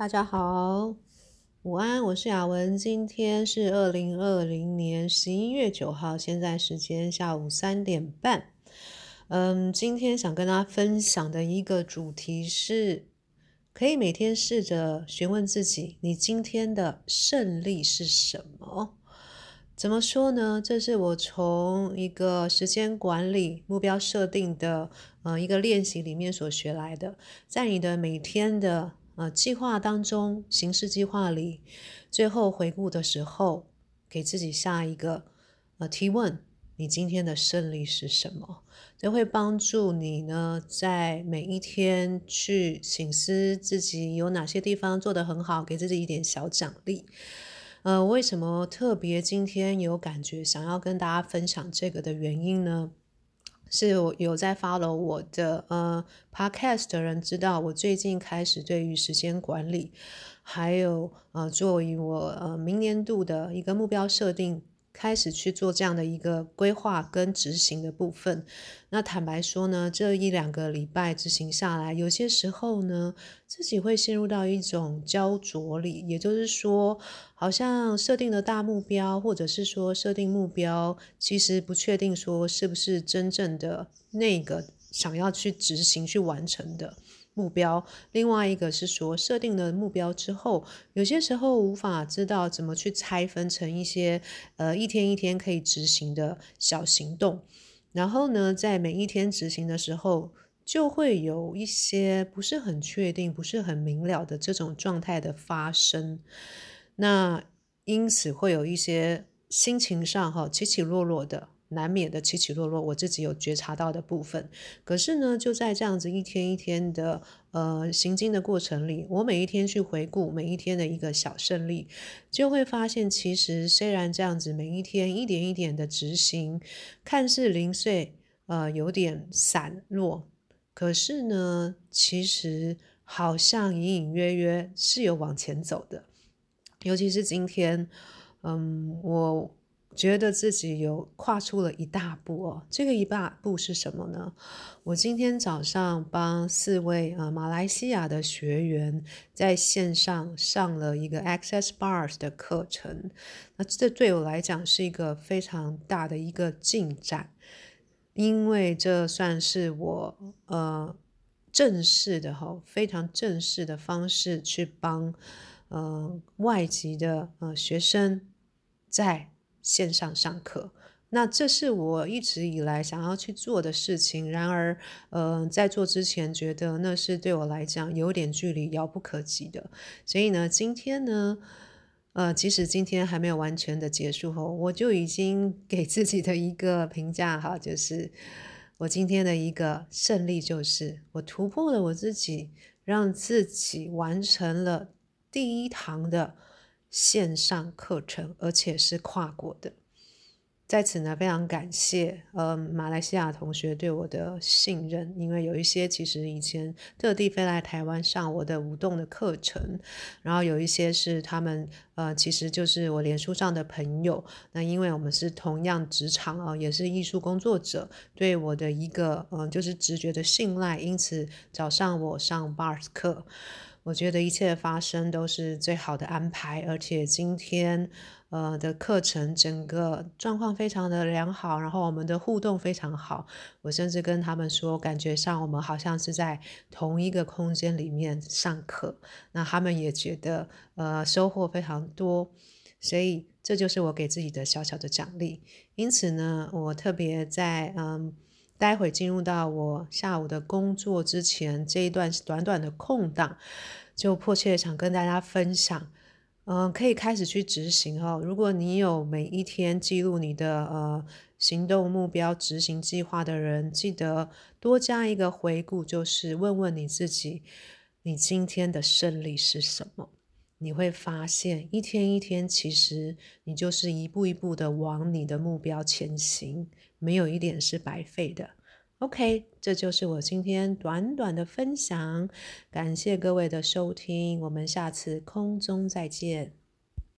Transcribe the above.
大家好，午安，我是雅雯。今天是二零二零年十一月九號，現在時間下午三點半。嗯，今天想跟大家分享的一個主題是，可以每天試着詢問自己：你今天的勝利是什麼？怎麼說呢？這是我從一個時間管理、目標設定的呃一個練習裡面所學來的，在你的每天的。呃，計劃當中，行事計劃裡，最後回顧的時候，給自己下一個呃提問：你今天的勝利是什麼？這會幫助你呢，在每一天去省思自己有哪些地方做得很好，給自己一點小獎勵。呃，為什麼特別今天有感覺想要跟大家分享這個的原因呢？是有有在 follow 我的呃、uh, podcast 的人知道，我最近開始對於時間管理，還有呃、uh, 作為我呃、uh, 明年度的一個目標設定。開始去做這樣的一個規劃跟執行的部分。那坦白說呢，這一兩個禮拜執行下來，有些時候呢，自己會陷入到一種焦灼裡，也就是說，好像設定的大目標，或者是說設定目標，其實不確定說是不是真正的那個想要去執行去完成的。目標，另外一個是說，設定了目標之後，有些時候無法知道怎麼去拆分成一些呃一天一天可以執行的小行動，然後呢，在每一天執行的時候，就會有一些不是很確定、不是很明了的這種狀態的發生，那因此會有一些心情上哈起起落落的。難免的起起落落，我自己有覺察到的部分。可是呢，就在這樣子一天一天的呃行進的過程裡，我每一天去回顧每一天的一個小勝利，就會發現，其實雖然這樣子每一天一點一點的執行，看似零碎，呃，有點散落，可是呢，其實好像隱隱約約是有往前走的。尤其是今天，嗯，我。覺得自己有跨出了一大步哦，這個一大步是什麼呢？我今天早上幫四位啊、呃、馬來西亞的學員在線上上了一個 Access Bars 的課程，那這對我來講是一個非常大的一個進展，因為這算是我呃正式的哈非常正式的方式去幫呃外籍的呃學生在。線上上課，那這是我一直以來想要去做的事情。然而，嗯、呃，在做之前，覺得那是對我來講有點距離，遙不可及的。所以呢，今天呢，呃，即使今天還沒有完全的結束後，後我就已經給自己的一個評價哈，就是我今天的一個勝利，就是我突破了我自己，讓自己完成了第一堂的。線上課程，而且是跨國的。在此呢，非常感謝呃馬來西亞同學對我的信任，因為有一些其實以前特地飛來台灣上我的舞動的課程，然後有一些是他們呃其實就是我臉書上的朋友，那因為我們是同樣職場啊、呃，也是藝術工作者，對我的一個嗯、呃，就是直覺的信賴，因此早上我上 Bars 課。我覺得一切的發生都是最好的安排，而且今天，呃的課程整個狀況非常的良好，然後我們的互動非常好，我甚至跟他們說，感覺上我們好像是在同一個空間裡面上課，那他們也覺得，呃收穫非常多，所以這就是我給自己的小小的獎勵，因此呢，我特別在嗯。待會進入到我下午的工作之前，這一段短短的空檔，就迫切的想跟大家分享，嗯、呃，可以開始去執行哦。如果你有每一天記錄你的呃行動目標執行計劃的人，記得多加一個回顧，就是問問你自己，你今天的勝利是什麼？你會發現，一天一天，其實你就是一步一步的往你的目標前行，沒有一點是白費的。OK，這就是我今天短短的分享，感謝各位的收聽，我們下次空中再見。